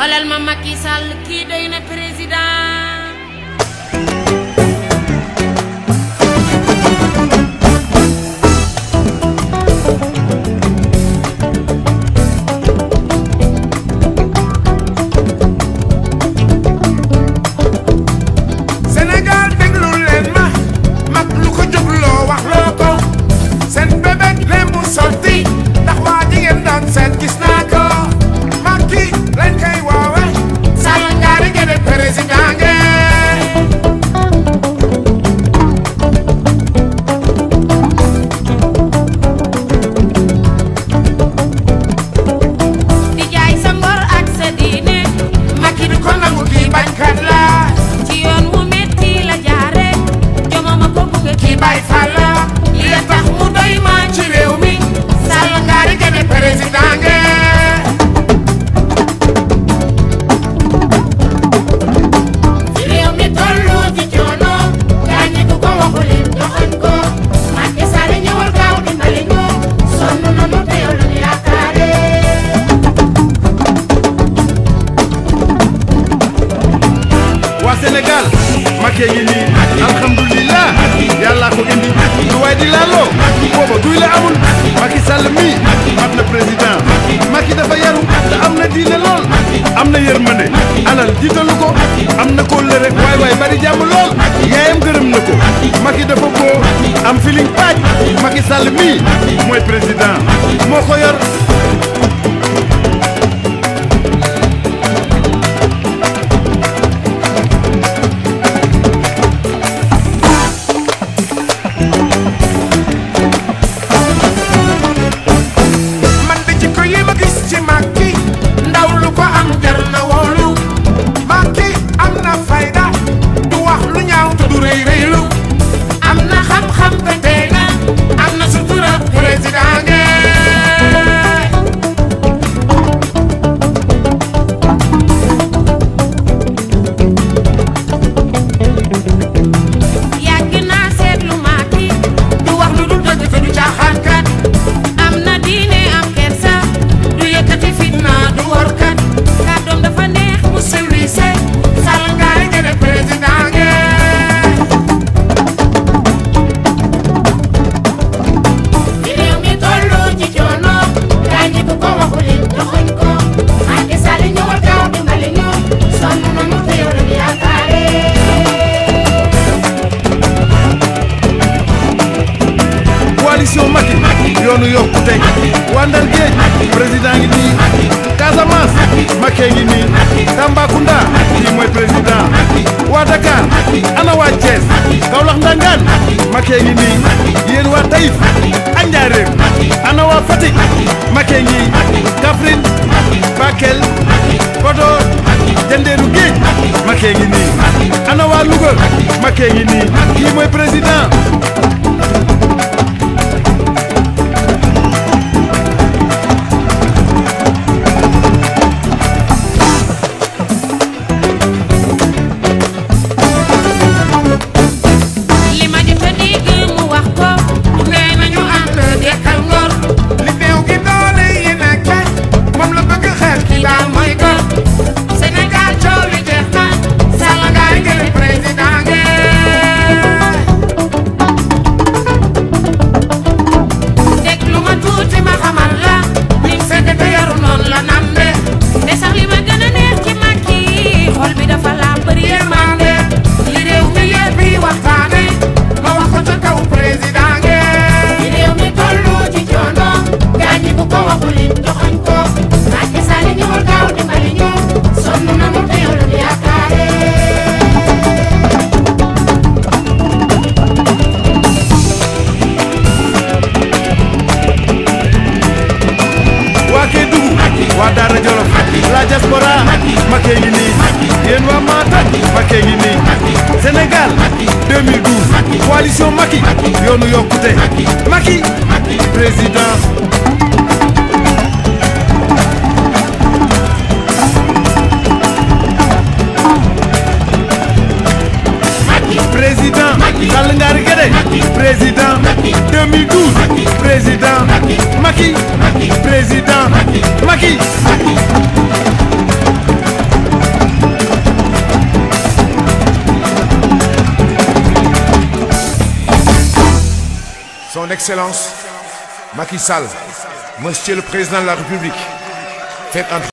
xoolal ma Macky Sall kii doy na président président Sénégal Macky ngi nii alhamdulillah yàlla ko indi lu waay di laaloo booba duy la amul Macky Sall mii am na président Macky dafa yaru te am na diine lool am na yërmande alal jiitalu ko am na kóol rek waay waay bari jàmm lool yaayam gërëm na ko Macky dafa boo am feeling paaj Macky Sall mii mooy président moo ko yor yoonu yokkute wandal géej président ngi nii Casamance Macky ngi nii Tambacounda kii mooy président waa Dakar ana waa Thiès Kaolack Ndangaan Macky ngi nii yéen waa Taïf ak ana waa Fatick Macky ngi Kaffrine Bakel Podor Jandeeru géej Macky ngi nii ana waa Louga Macky ngi nii kii mooy président Macky ngi nii yéen waa Matam Macky ngi nii Sénégal 2012 coalition Macky yoonu yokkute Macky président président Sall Ngaari Gede président 2012 président Macky président son excellence Macky Sall monsieur le président de la République